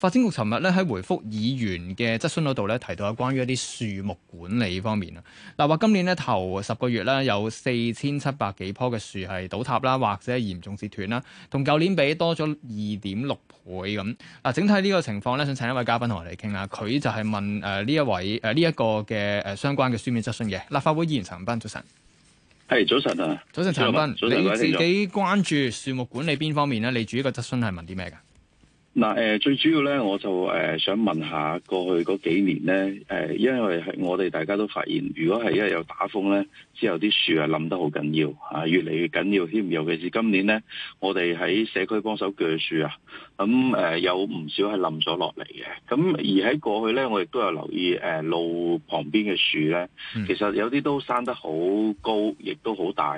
發展局尋日咧喺回覆議員嘅質詢嗰度咧，提到有關於一啲樹木管理方面啦。嗱，話今年咧頭十個月咧有四千七百幾棵，嘅樹係倒塌啦，或者係嚴重折斷啦，同舊年比多咗二點六倍咁。嗱，整體呢個情況咧，想請一位嘉賓同我哋傾下。佢就係問誒呢一位誒呢一個嘅誒相關嘅書面質詢嘅立法會議員陳恒鑌，早晨。係、hey, 早晨啊，早晨陳恒鑌，你自己關注樹木管理邊方面咧？你主要個質詢係問啲咩嘅？嗱誒、呃，最主要咧，我就誒、呃、想問下過去嗰幾年咧，誒、呃、因為係我哋大家都發現，如果係因為有打風咧，之後啲樹啊冧得好緊要嚇，越嚟越緊要添。尤其是今年咧，我哋喺社區幫手鋸樹啊，咁、嗯、誒、呃、有唔少係冧咗落嚟嘅。咁、嗯、而喺過去咧，我亦都有留意誒、呃、路旁邊嘅樹咧，其實有啲都生得好高，亦都好大。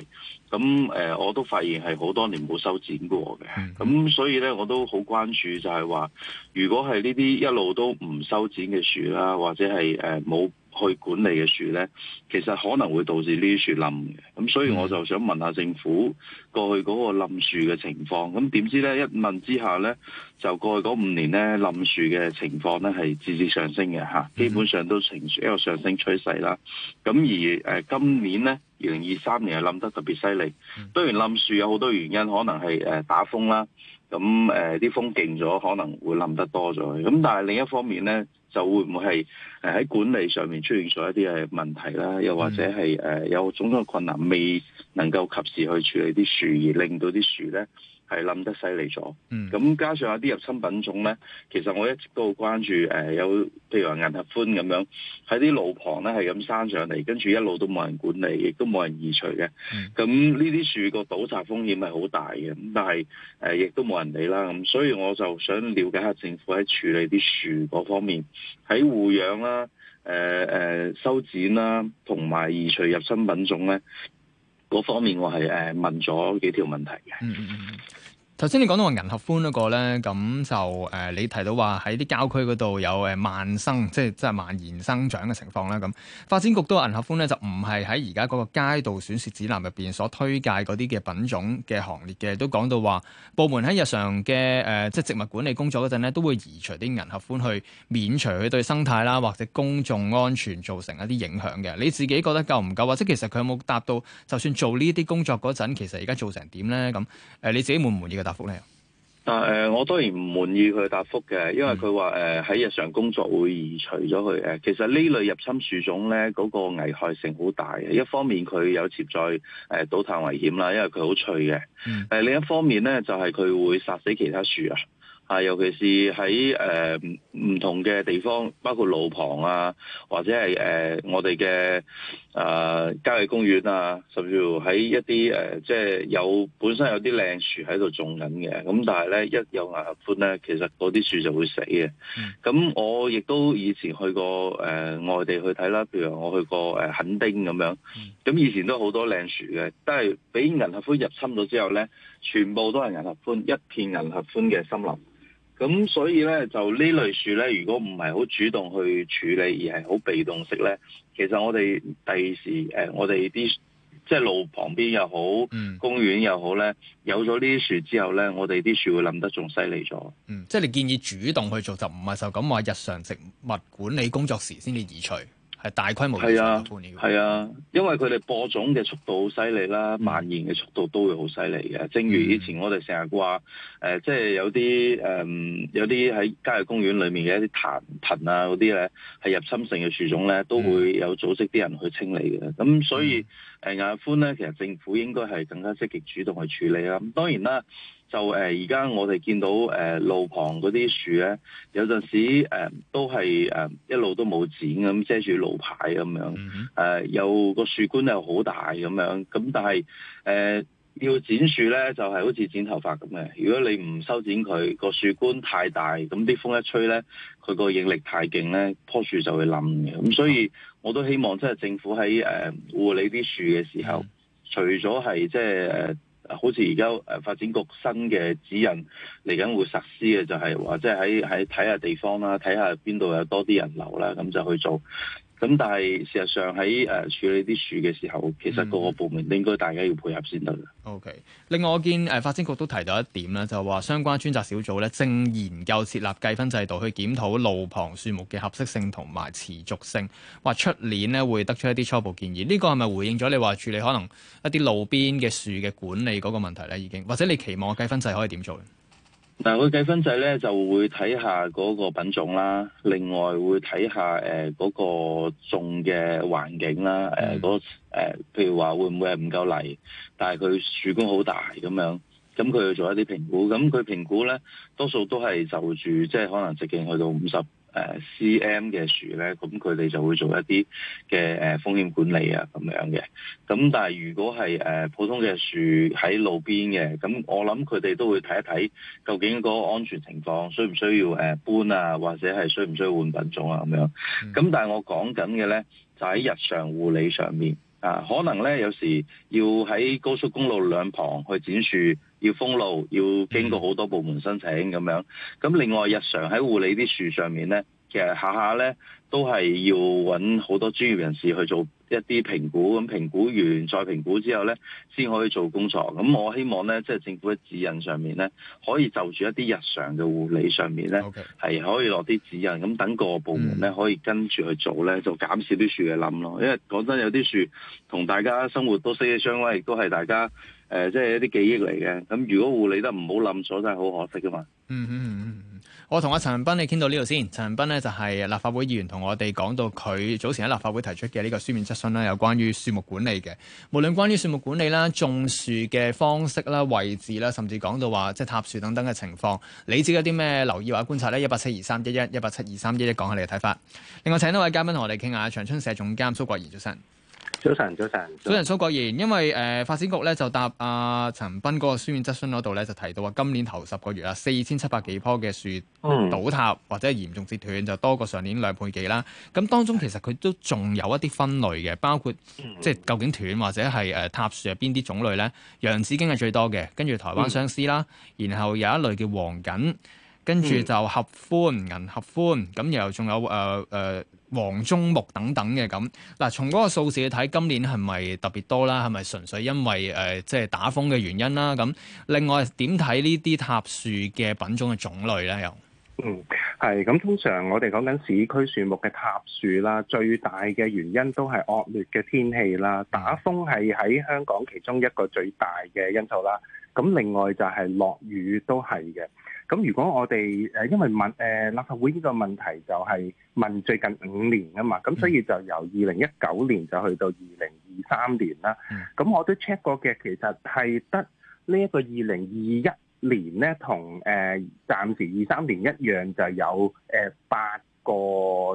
咁誒、呃，我都發現係好多年冇修剪過嘅，咁所以咧，我都好關注就係話，如果係呢啲一路都唔修剪嘅樹啦，或者係誒冇，呃去管理嘅樹呢，其實可能會導致呢啲樹冧嘅，咁所以我就想問下政府過去嗰個冧樹嘅情況，咁點知呢？一問之下呢，就過去嗰五年呢，冧樹嘅情況呢係節節上升嘅嚇，基本上都呈一個上升趨勢啦。咁而誒今年呢，二零二三年係冧得特別犀利，當然冧樹有好多原因，可能係誒打風啦。咁誒啲風勁咗，可能會冧得多咗。咁但係另一方面咧，就會唔會係誒喺管理上面出現咗一啲誒問題啦？又或者係誒、呃、有種種困難，未能夠及時去處理啲樹，而令到啲樹咧。係冧得犀利咗，咁、嗯、加上有啲入侵品種咧，其實我一直都好關注，誒、呃、有譬如話銀合歡咁樣喺啲路旁咧，係咁生上嚟，跟住一路都冇人管理，亦都冇人移除嘅。咁呢啲樹個倒塌風險係好大嘅，咁但係誒亦都冇人理啦。咁、呃、所以我就想了解下政府喺處理啲樹嗰方面，喺護養啦、啊、誒誒修剪啦，同埋、啊、移除入侵品種咧。嗯嗰方面我係誒問咗幾條問題嘅。嗯嗯嗯。頭先你講到話銀合歡嗰個咧，咁就誒、呃、你提到話喺啲郊區嗰度有誒慢生，即係即係蔓延生長嘅情況啦。咁發展局都話銀合歡咧就唔係喺而家嗰個街道選樹指南入邊所推介嗰啲嘅品種嘅行列嘅，都講到話部門喺日常嘅誒、呃、即係植物管理工作嗰陣咧，都會移除啲銀合歡去免除佢對生態啦或者公眾安全造成一啲影響嘅。你自己覺得夠唔夠，或者其實佢有冇達到？就算做呢啲工作嗰陣，其實而家做成點咧？咁誒你自己滿唔滿意嘅？但誒、啊呃，我當然唔滿意佢嘅答覆嘅，因為佢話誒喺日常工作會移除咗佢誒。其實呢類入侵樹種咧，嗰、那個危害性好大嘅。一方面佢有潛在誒、呃、倒塌危險啦，因為佢好脆嘅；誒、呃、另一方面咧，就係、是、佢會殺死其他樹啊。尤其是喺誒唔同嘅地方，包括路旁啊，或者係誒、呃、我哋嘅誒郊野公園啊，甚至乎喺一啲誒、呃、即係有本身有啲靚樹喺度種緊嘅，咁但係咧一有銀合歡咧，其實嗰啲樹就會死嘅。咁我亦都以前去過誒、呃、外地去睇啦，譬如我去過誒墾、呃、丁咁樣，咁以前都好多靚樹嘅，都係俾銀合歡入侵咗之後咧，全部都係銀合歡，一片銀合歡嘅森林。咁所以咧，就呢類樹咧，如果唔係好主動去處理，而係好被動式咧，其實我哋第時誒、呃，我哋啲即係路旁邊又好，公園又好咧，有咗呢啲樹之後咧，我哋啲樹會冧得仲犀利咗。嗯，即係你建議主動去做，就唔係就咁話日常植物管理工作時先至移除。係大規模，係啊，係啊，因為佢哋播種嘅速度好犀利啦，蔓延嘅速度都會好犀利嘅。嗯、正如以前我哋成日話，誒、呃，即係有啲誒、呃，有啲喺郊野公園裏面嘅一啲彈藤啊，嗰啲咧係入侵性嘅樹種咧，都會有組織啲人去清理嘅。咁、嗯、所以誒，阿、嗯呃、寬咧，其實政府應該係更加積極主動去處理啦。咁當然啦。就誒，而、呃、家我哋見到誒、呃、路旁嗰啲樹咧，有陣時誒、呃、都係誒、呃、一路都冇剪咁遮住路牌咁樣，誒有個樹冠又好大咁樣。咁但係誒、呃、要剪樹咧，就係、是、好似剪頭髮咁嘅。如果你唔修剪佢，個樹冠太大，咁啲風一吹咧，佢個應力太勁咧，樖樹就會冧嘅。咁、嗯、所以我都希望即係政府喺誒、呃、護理啲樹嘅時候，嗯、除咗係即係誒。呃呃好似而家誒發展局新嘅指引嚟緊會實施嘅、就是，就係話即係喺喺睇下地方啦，睇下邊度有多啲人流啦，咁就去做。咁但係事實上喺誒、呃、處理啲樹嘅時候，其實各個部門應該大家要配合先得嘅。OK，另外我見誒、呃、發展局都提到一點咧，就話相關專責小組咧正研究設立計分制度，去檢討路旁樹木嘅合適性同埋持續性，話出年呢，會得出一啲初步建議。呢、這個係咪回應咗你話處理可能一啲路邊嘅樹嘅管理嗰個問題咧？已經或者你期望計分制可以點做？嗱，佢計分制咧就會睇下嗰個品種啦，另外會睇下誒嗰個種嘅環境啦，誒、呃、嗰、呃、譬如話會唔會係唔夠泥，但係佢樹冠好大咁樣，咁佢做一啲評估，咁佢評估咧多數都係就住即係可能直徑去到五十。誒、uh, CM 嘅樹咧，咁佢哋就會做一啲嘅誒風險管理啊咁樣嘅。咁但係如果係誒、呃、普通嘅樹喺路邊嘅，咁我諗佢哋都會睇一睇究竟嗰個安全情況，需唔需要誒、呃、搬啊，或者係需唔需要換品種啊咁樣。咁、嗯、但係我講緊嘅咧，就喺、是、日常護理上面。啊，可能咧，有時要喺高速公路兩旁去剪樹，要封路，要經過好多部門申請咁樣。咁另外日常喺護理啲樹上面咧。其實下下咧都係要揾好多專業人士去做一啲評估，咁評估完再評估之後咧，先可以做工作。咁我希望咧，即係政府嘅指引上面咧，可以就住一啲日常嘅護理上面咧，係 Okay. 可以落啲指引，咁等各個部門咧可以跟住去做咧，就減少啲樹嘅冧咯。因為講真，有啲樹同大家生活都息息相關，亦都係大家。誒，即係一啲記憶嚟嘅。咁如果護理得唔好冧咗，真係好可惜噶嘛。嗯嗯嗯嗯我同阿陳恒鑌你傾到呢度先。陳恒鑌呢，就係立法會議員，同我哋講到佢早前喺立法會提出嘅呢個書面質詢啦，有關於樹木管理嘅。無論關於樹木管理啦、種樹嘅方式啦、位置啦，甚至講到話即係塌樹等等嘅情況，你知有啲咩留意或者觀察呢？一八七二三一一一八七二三一一，講下你嘅睇法。另外請一位嘉賓同我哋傾下，長春社總監蘇國賢先生。早晨，早晨。早晨，蘇國賢，因為誒、呃、發展局咧就答阿、呃、陳恒鑌個書面質詢嗰度咧，就提到話今年頭十個月啊，四千七百幾棵嘅樹倒塌、嗯、或者嚴重折斷，就多過上年兩倍幾啦。咁當中其實佢都仲有一啲分類嘅，包括、嗯、即係究竟斷或者係誒塌樹係邊啲種類咧？洋紫荊係最多嘅，跟住台灣相思啦，嗯、然後有一類叫黃槿，跟住就合歡、銀合歡，咁又仲有誒誒。呃呃呃呃呃呃呃呃黃中、木等等嘅咁，嗱，從嗰個數字去睇，今年係咪特別多啦？係咪純粹因為誒，即係打風嘅原因啦？咁，另外點睇呢啲塔樹嘅品種嘅種類咧？又，嗯，係咁，通常我哋講緊市區樹木嘅塔樹啦，最大嘅原因都係惡劣嘅天氣啦，打風係喺香港其中一個最大嘅因素啦。咁另外就係落雨都係嘅。咁如果我哋誒，因為問誒立法會呢個問題就係問最近五年啊嘛，咁所以就由二零一九年就去到二零二三年啦。咁我都 check 過嘅，其實係得呢一個二零二一年咧，同誒暫時二三年一樣，就有誒八個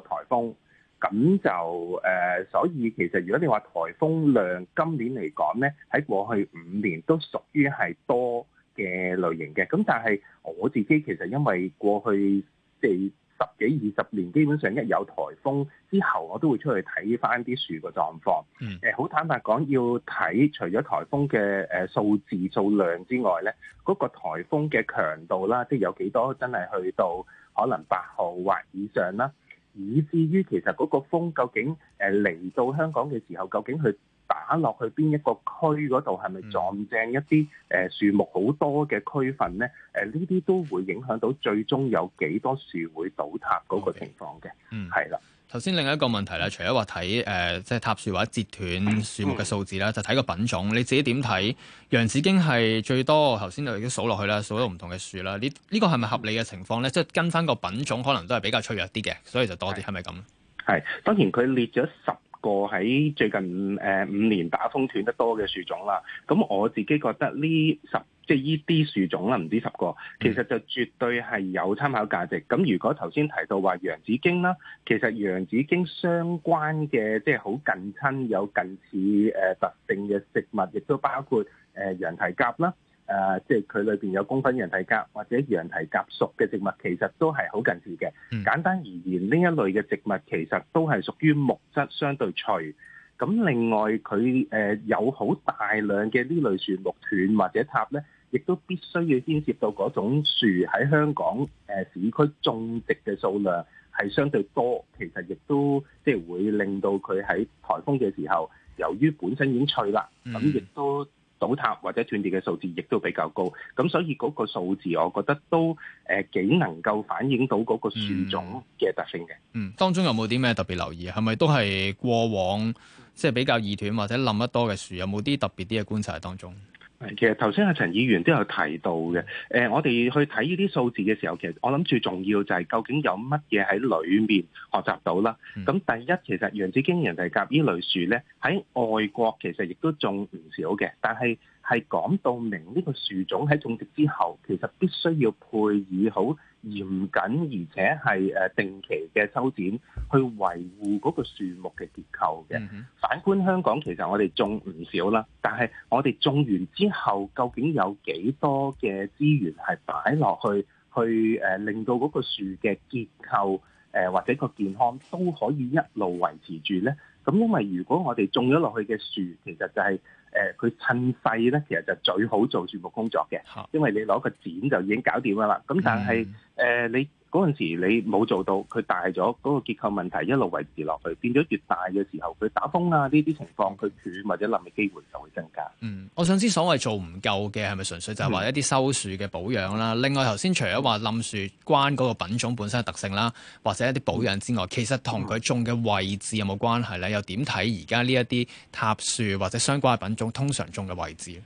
颱風。咁就誒，所以其實如果你話颱風量今年嚟講咧，喺過去五年都屬於係多，嘅類型嘅，咁但係我自己其實因為過去即係十幾二十年，基本上一有颱風之後，我都會出去睇翻啲樹嘅狀況。嗯，誒好坦白講，要睇除咗颱風嘅誒數字數量之外呢，嗰個颱風嘅強度啦，即係有幾多真係去到可能八號或以上啦，以至於其實嗰個風究竟誒嚟到香港嘅時候，究竟佢打落去邊一個區嗰度，係咪撞正一啲誒樹木好多嘅區份咧？誒呢啲都會影響到最終有幾多樹會倒塌嗰個情況嘅。Okay. 嗯，係啦了。頭先另一個問題啦，除咗話睇誒即係塌樹或者折斷樹木嘅數字啦，嗯、就睇個品種，你自己點睇？洋紫荊係最多。頭先就已經數落去啦，數到唔同嘅樹啦。呢呢個係咪合理嘅情況咧？嗯、即係跟翻個品種，可能都係比較脆弱啲嘅，所以就多啲係咪咁咧？係當然佢列咗十。個喺最近誒五年打風斷得多嘅樹種啦，咁我自己覺得呢十即係依啲樹種啦，唔知十個，其實就絕對係有參考價值。咁如果頭先提到話洋紫荊啦，其實洋紫荊相關嘅即係好近親有近似誒特性嘅植物，亦都包括誒羊蹄甲啦。誒、呃，即係佢裏邊有公分羊蹄甲或者羊蹄甲屬嘅植物，其實都係好近似嘅。嗯、簡單而言，呢一類嘅植物其實都係屬於木質相對脆。咁另外，佢誒、呃、有好大量嘅呢類樹木斷或者塌咧，亦都必須要牽涉到嗰種樹喺香港誒、呃、市區種植嘅數量係相對多。其實亦都即係會令到佢喺颱風嘅時候，由於本身已經脆啦，咁亦都。嗯倒塌或者斷裂嘅數字亦都比較高，咁所以嗰個數字，我覺得都誒幾、呃、能夠反映到嗰個樹種嘅特性嘅、嗯。嗯，當中有冇啲咩特別留意？係咪都係過往即係、就是、比較易斷或者冧得多嘅樹？有冇啲特別啲嘅觀察？當中？係，其實頭先阿陳議員都有提到嘅，誒、呃，我哋去睇呢啲數字嘅時候，其實我諗最重要就係究竟有乜嘢喺裡面學習到啦。咁、嗯嗯、第一，其實洋紫荊人提夾呢類樹咧，喺外國其實亦都種唔少嘅，但係係講到明呢個樹種喺種植之後，其實必須要配以好嚴謹而且係誒定期嘅修剪，去維護嗰個樹木嘅結構嘅。反觀香港，其實我哋種唔少啦，但係我哋種完之後，究竟有幾多嘅資源係擺落去，去誒令到嗰個樹嘅結構誒或者個健康都可以一路維持住呢？咁因為如果我哋種咗落去嘅樹，其實就係。誒佢、呃、趁勢咧，其實就最好做樹木工作嘅，因為你攞個剪就已經搞掂㗎啦。咁但係誒、嗯呃、你。嗰陣時你冇做到，佢大咗嗰、嗰個結構問題一路維持落去，變咗越大嘅時候，佢打風啊呢啲情況，佢斷或者冧嘅機會就會增加。嗯，我想知所謂做唔夠嘅係咪純粹就係話一啲修樹嘅保養啦？嗯、另外頭先除咗話冧樹關嗰個品種本身嘅特性啦，或者一啲保養之外，其實同佢種嘅位置有冇關係咧？嗯、又點睇而家呢一啲塌樹或者相關嘅品種通常種嘅位置？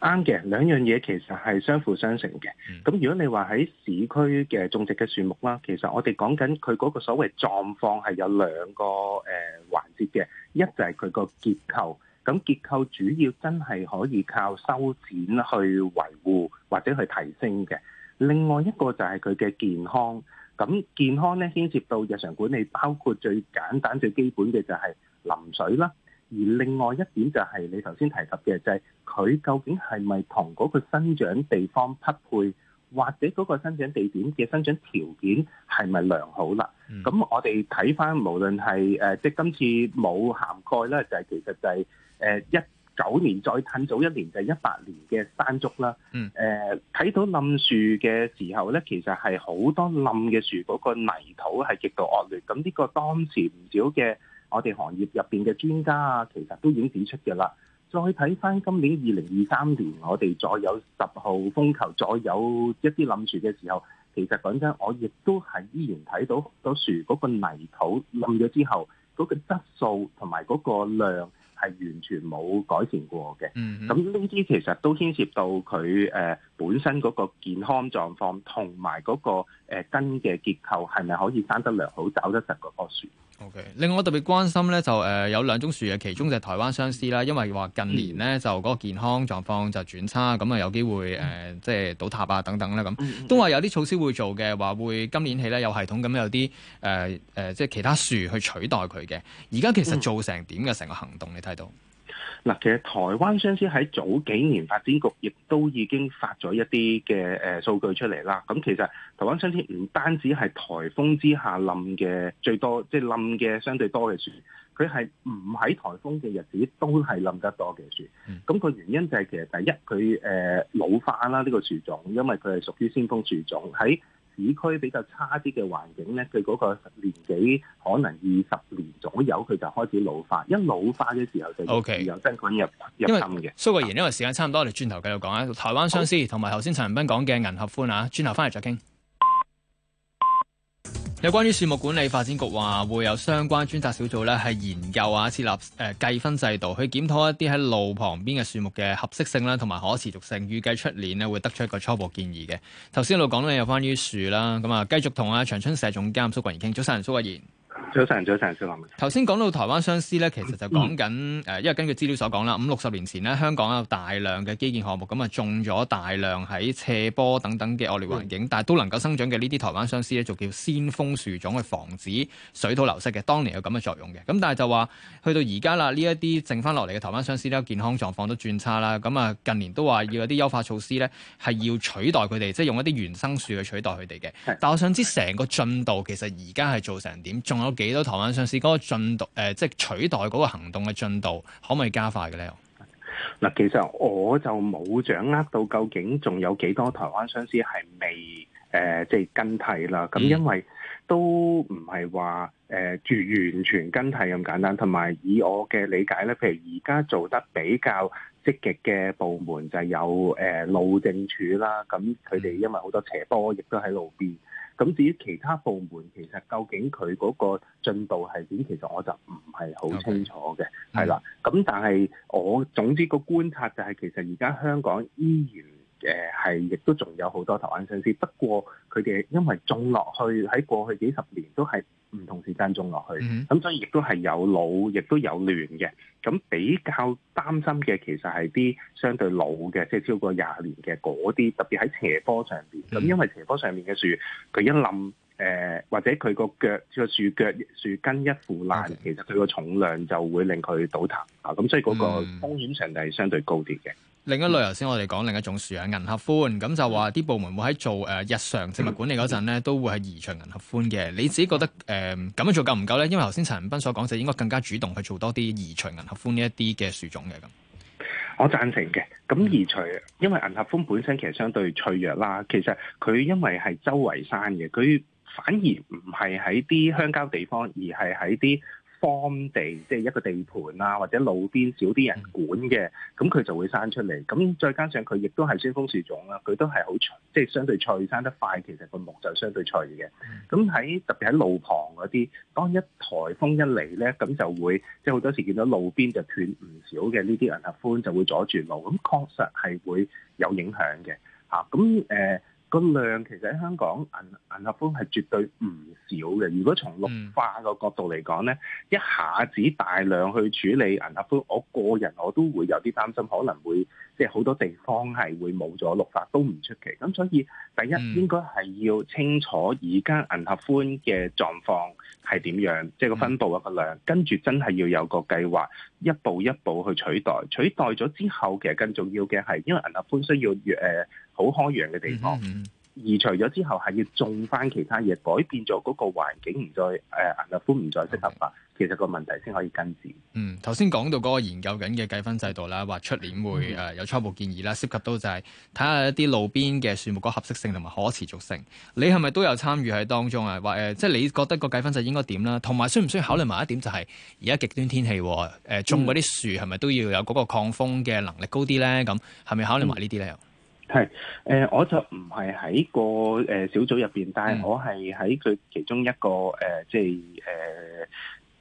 啱嘅，兩樣嘢其實係相輔相成嘅。咁、嗯、如果你話喺市區嘅種植嘅樹木啦，其實我哋講緊佢嗰個所謂狀況係有兩個誒、呃、環節嘅，一就係佢個結構，咁結構主要真係可以靠修剪去維護或者去提升嘅。另外一個就係佢嘅健康，咁健康咧牽涉到日常管理，包括最簡單最基本嘅就係淋水啦。而另外一點就係你頭先提及嘅，就係、是、佢究竟係咪同嗰個生長地方匹配，或者嗰個生長地點嘅生長條件係咪良好啦？咁、嗯、我哋睇返無論係誒，即係今次冇涵蓋咧，就係其實就係誒一九年再褪早一年就係一八年嘅山竹啦。誒睇、嗯呃、到冧樹嘅時候咧，其實係好多冧嘅樹嗰個泥土係極度惡劣，咁呢個當時唔少嘅，我哋行業入邊嘅專家啊，其實都已經指出嘅啦。再睇翻今年二零二三年，我哋再有十號風球，再有一啲冧樹嘅時候，其實講真，我亦都係依然睇到個樹嗰個泥土冧咗之後，嗰個質素同埋嗰個量係完全冇改善過嘅。咁呢啲其實都牽涉到佢誒本身嗰個健康狀況，同埋嗰個誒根嘅結構係咪可以生得良好，抓得實嗰棵樹。Okay. 另外我特別關心咧就誒、呃、有兩種樹嘅其中就係台灣相思啦，因為話近年咧、嗯、就嗰個健康狀況就轉差，咁啊有機會誒、呃、即係倒塌啊等等啦咁，都話有啲措施會做嘅，話會今年起咧有系統咁有啲誒誒即係其他樹去取代佢嘅。而家其實做成點嘅成個行動你睇到？嗯。嗱，其實台灣相思喺早幾年發展局亦都已經發咗一啲嘅誒數據出嚟啦。咁其實台灣相思唔單止係颱風之下冧嘅最多，即係冧嘅相對多嘅樹，佢係唔喺颱風嘅日子都係冧得多嘅樹。咁個原因就係其實第一佢誒老化啦，呢個樹種因為佢係屬於先鋒樹種喺。市區比較差啲嘅環境咧，佢嗰個年紀可能二十年左右，佢就開始老化。一老化嘅時候就開始有真菌入入侵嘅。蘇國賢，嗯、因為時間差唔多，我哋轉頭繼續講啊。台灣相思同埋頭先陳恒鑌講嘅銀合歡啊，轉頭翻嚟再傾。有關於樹木管理發展局話，會有相關專責小組咧，係研究啊，設立誒計分制度，去檢討一啲喺路旁邊嘅樹木嘅合適性啦，同埋可持續性。預計出年咧會得出一個初步建議嘅。頭先老講到嘢，有關於樹啦，咁啊，繼續同阿長春社總監蘇國賢傾。早晨，蘇國賢。早晨，早晨，小林。頭先講到台灣相思咧，其實就講緊誒，嗯、因為根據資料所講啦，五六十年前呢，香港有大量嘅基建項目，咁啊種咗大量喺斜坡等等嘅惡劣環境，是但係都能夠生長嘅呢啲台灣相思咧，就叫先鋒樹種去防止水土流失嘅，當年有咁嘅作用嘅。咁但係就話去到而家啦，呢一啲剩翻落嚟嘅台灣相思呢，健康狀況都轉差啦。咁啊近年都話要有啲優化措施咧，係要取代佢哋，即係用一啲原生樹去取代佢哋嘅。是但我想知成個進度其實而家係做成點？仲有？幾多，多台灣相思嗰個進度？誒、呃，即係取代嗰個行動嘅進度，可唔可以加快嘅咧？嗱，其實我就冇掌握到究竟仲有幾多台灣相思係未誒、呃，即係跟替啦。咁、嗯、因為都唔係話誒，完全跟替咁簡單。同埋以我嘅理解咧，譬如而家做得比較積極嘅部門就係、有誒、呃、路政署啦。咁佢哋因為好多斜坡，亦都喺路邊。嗯咁至於其他部門，其實究竟佢嗰個進度係點？其實我就唔係好清楚嘅，係啦、Okay. mm。咁、hmm. 但係我總之個觀察就係，其實而家香港依然。誒係，亦都仲有好多頭眼新鮮。不過佢哋因為種落去喺過去幾十年都係唔同時間種落去，咁、嗯、所以亦都係有老，亦都有嫩嘅。咁比較擔心嘅其實係啲相對老嘅，即、就、係、是、超過廿年嘅嗰啲，特別喺斜坡上邊。咁、嗯、因為斜坡上面嘅樹，佢一冧誒、呃，或者佢個腳個樹腳樹根一腐爛，Okay. 其實佢個重量就會令佢倒塌啊！咁所以嗰個風險上係相對高啲嘅。嗯另一類，頭先我哋講另一種樹啊，銀合歡咁就話啲部門會喺做誒、呃、日常植物管理嗰陣咧，都會係移除銀合歡嘅。你自己覺得誒咁、呃、樣做夠唔夠咧？因為頭先陳恒鑌所講就應該更加主動去做多啲移除銀合歡呢一啲嘅樹種嘅咁。我贊成嘅，咁移除因為銀合歡本身其實相對脆弱啦，其實佢因為係周圍生嘅，佢反而唔係喺啲鄉郊地方，而係喺啲荒地即係一個地盤啊，或者路邊少啲人管嘅，咁佢就會生出嚟。咁再加上佢亦都係先鋒樹種啦，佢都係好即係相對脆，生得快，其實個木就相對脆嘅。咁喺特別喺路旁嗰啲，當一颱風一嚟咧，咁就會即係好多時見到路邊就斷唔少嘅呢啲銀，合、啊、歡就會阻住路，咁確實係會有影響嘅嚇。咁誒。呃個量其實喺香港銀銀合歡係絕對唔少嘅。如果從綠化個角度嚟講呢、嗯、一下子大量去處理銀合歡，我個人我都會有啲擔心，可能會即係好多地方係會冇咗綠化都唔出奇。咁所以第一、嗯、應該係要清楚而家銀合歡嘅狀況係點樣，即係個分布啊、個量，嗯、跟住真係要有個計劃，一步一步去取代。取代咗之後，其實更重要嘅係，因為銀合歡需要越、呃好開揚嘅地方，而除咗之後係要種翻其他嘢，改變咗嗰個環境，唔再誒，林立夫唔再適合啦。其實個問題先可以根治。嗯，頭先講到嗰個研究緊嘅計分制度啦，話出年會誒有初步建議啦，涉及到就係睇下一啲路邊嘅樹木嗰個合適性同埋可持續性。你係咪都有參與喺當中啊？話誒、呃，即係你覺得個計分制應該點啦？同埋，需唔需要考慮埋一點，就係而家極端天氣誒、呃，種嗰啲樹係咪都要有嗰個抗風嘅能力高啲咧？咁係咪考慮埋呢啲咧？嗯係，誒、呃，我就唔係喺個誒、呃、小組入邊，但係我係喺佢其中一個誒、呃，即係誒，誒、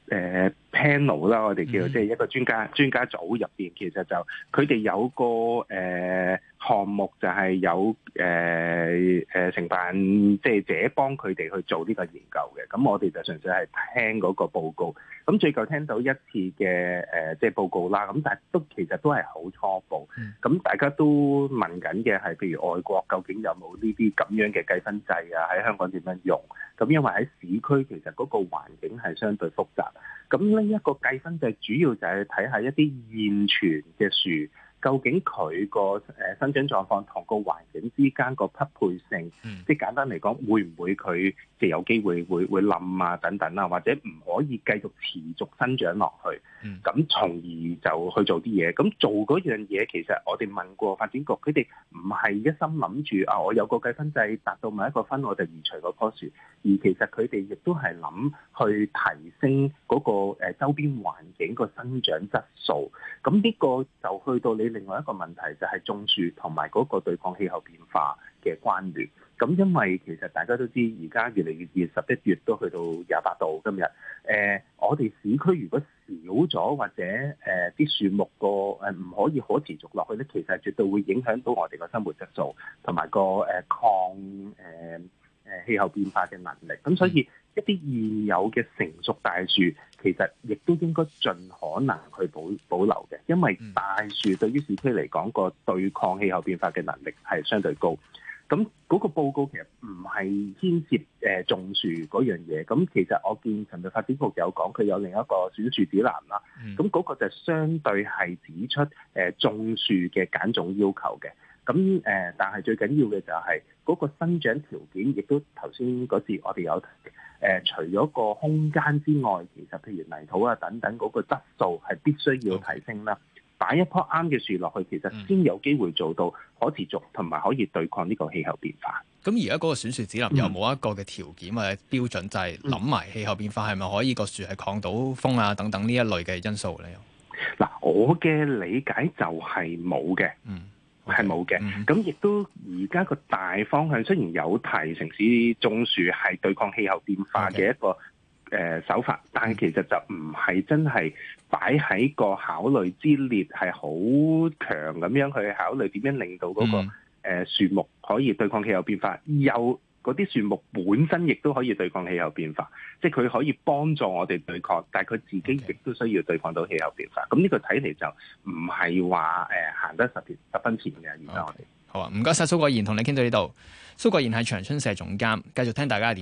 呃。呃 panel 啦，我哋叫即係一個專家專家組入邊，其實就佢哋有個誒項目，就係有誒誒承辦即係者幫佢哋去做呢個研究嘅。咁我哋就純粹係聽嗰個報告。咁最近聽到一次嘅誒即係報告啦，咁但係都其實都係好初步。咁大家都問緊嘅係，譬如外國究竟有冇呢啲咁樣嘅計分制啊？喺香港點樣用？咁因為喺市區其實嗰個環境係相對複雜。咁呢一個計分就係主要就係睇下一啲現存嘅樹。究竟佢個誒生長狀況同個環境之間個匹配性，嗯、即係簡單嚟講會唔會佢就有機會會會冧啊等等啊，或者唔可以繼續持續生長落去，咁、嗯、從而就去做啲嘢。咁做嗰樣嘢，其實我哋問過發展局，佢哋唔係一心諗住啊，我有個計分制，達到某一個分，我就移除嗰棵樹，而其實佢哋亦都係諗去提升嗰個誒周邊環境個生長質素。咁呢個就去到你另外一個問題，就係、係、種樹同埋嗰個對抗氣候變化嘅關聯。咁因為其實大家都知越越，而家越嚟越熱，十一月都去到廿八度。今日誒、呃，我哋市區如果少咗或者誒啲、呃、樹木個誒唔可以可持續落去咧，其實絕對會影響到我哋個生活質素同埋、嗰個誒、呃、抗誒誒、呃、氣候變化嘅能力。咁所以。一啲現有嘅成熟大樹，其實亦都應該盡可能去保保留嘅，因為大樹對於市區嚟講個對抗氣候變化嘅能力係相對高。咁嗰個報告其實唔係牽涉誒、呃、種樹嗰樣嘢。咁其實我見城市發展局有講，佢有另一個選樹指南啦。咁、那、嗰個就相對係指出誒、呃、種樹嘅揀種要求嘅。咁誒，但係最緊要嘅就係嗰個生長條件，亦都頭先嗰次我哋有誒、呃，除咗個空間之外，其實譬如泥土啊等等嗰、嗰個質素係必須要提升啦。擺好一棵啱嘅樹落去，其實先有機會做到可持續，同埋可以對抗呢個氣候變化。咁而家嗰個選樹指南有冇一個嘅條件、嗯、或者標準，就係諗埋氣候變化係咪、嗯、可以個樹係抗到風啊等等呢一類嘅因素咧？嗱、嗯，我嘅理解就係冇嘅，嗯。係冇嘅，咁亦、嗯、都而家個大方向雖然有提城市種樹係對抗氣候變化嘅一個誒 Okay.、呃、手法，但係其實就唔係真係擺喺個考慮之列，係好強咁樣去考慮點樣令到嗰、那個誒樹、嗯呃、木可以對抗氣候變化又。嗰啲樹木本身亦都可以對抗氣候變化，即係佢可以幫助我哋對抗，但係佢自己亦都需要對抗到氣候變化。咁呢個睇嚟就唔係話誒行得十十分前嘅。Okay. 而家我哋好啊，唔該晒。蘇國賢，同你傾到呢度。蘇國賢係長春社總監，繼續聽大家嘅電話。